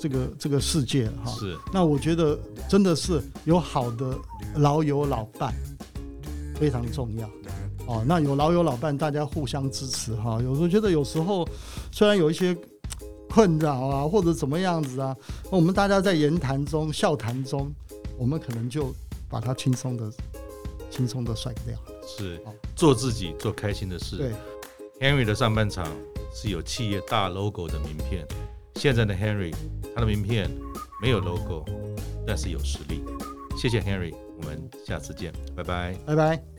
Speaker 1: 這個這個世界哈。是。那我覺得真的是有好的老友老伴非常重要。嗯、哦，那有老友老伴，大家互相支持哈。有時候覺得有時候雖然有一些困擾啊，或者怎麼樣子啊，那我們大家在言談中、笑談中，我們可能就把它輕鬆的、輕鬆的甩掉。
Speaker 2: 是，哦、做自己，做開心的事。對。Henry 的上半場是有企業大 logo 的名片，現在的 Henry 他的名片沒有 logo，但是有實力。謝謝 Henry，我們下次見，拜拜，拜拜。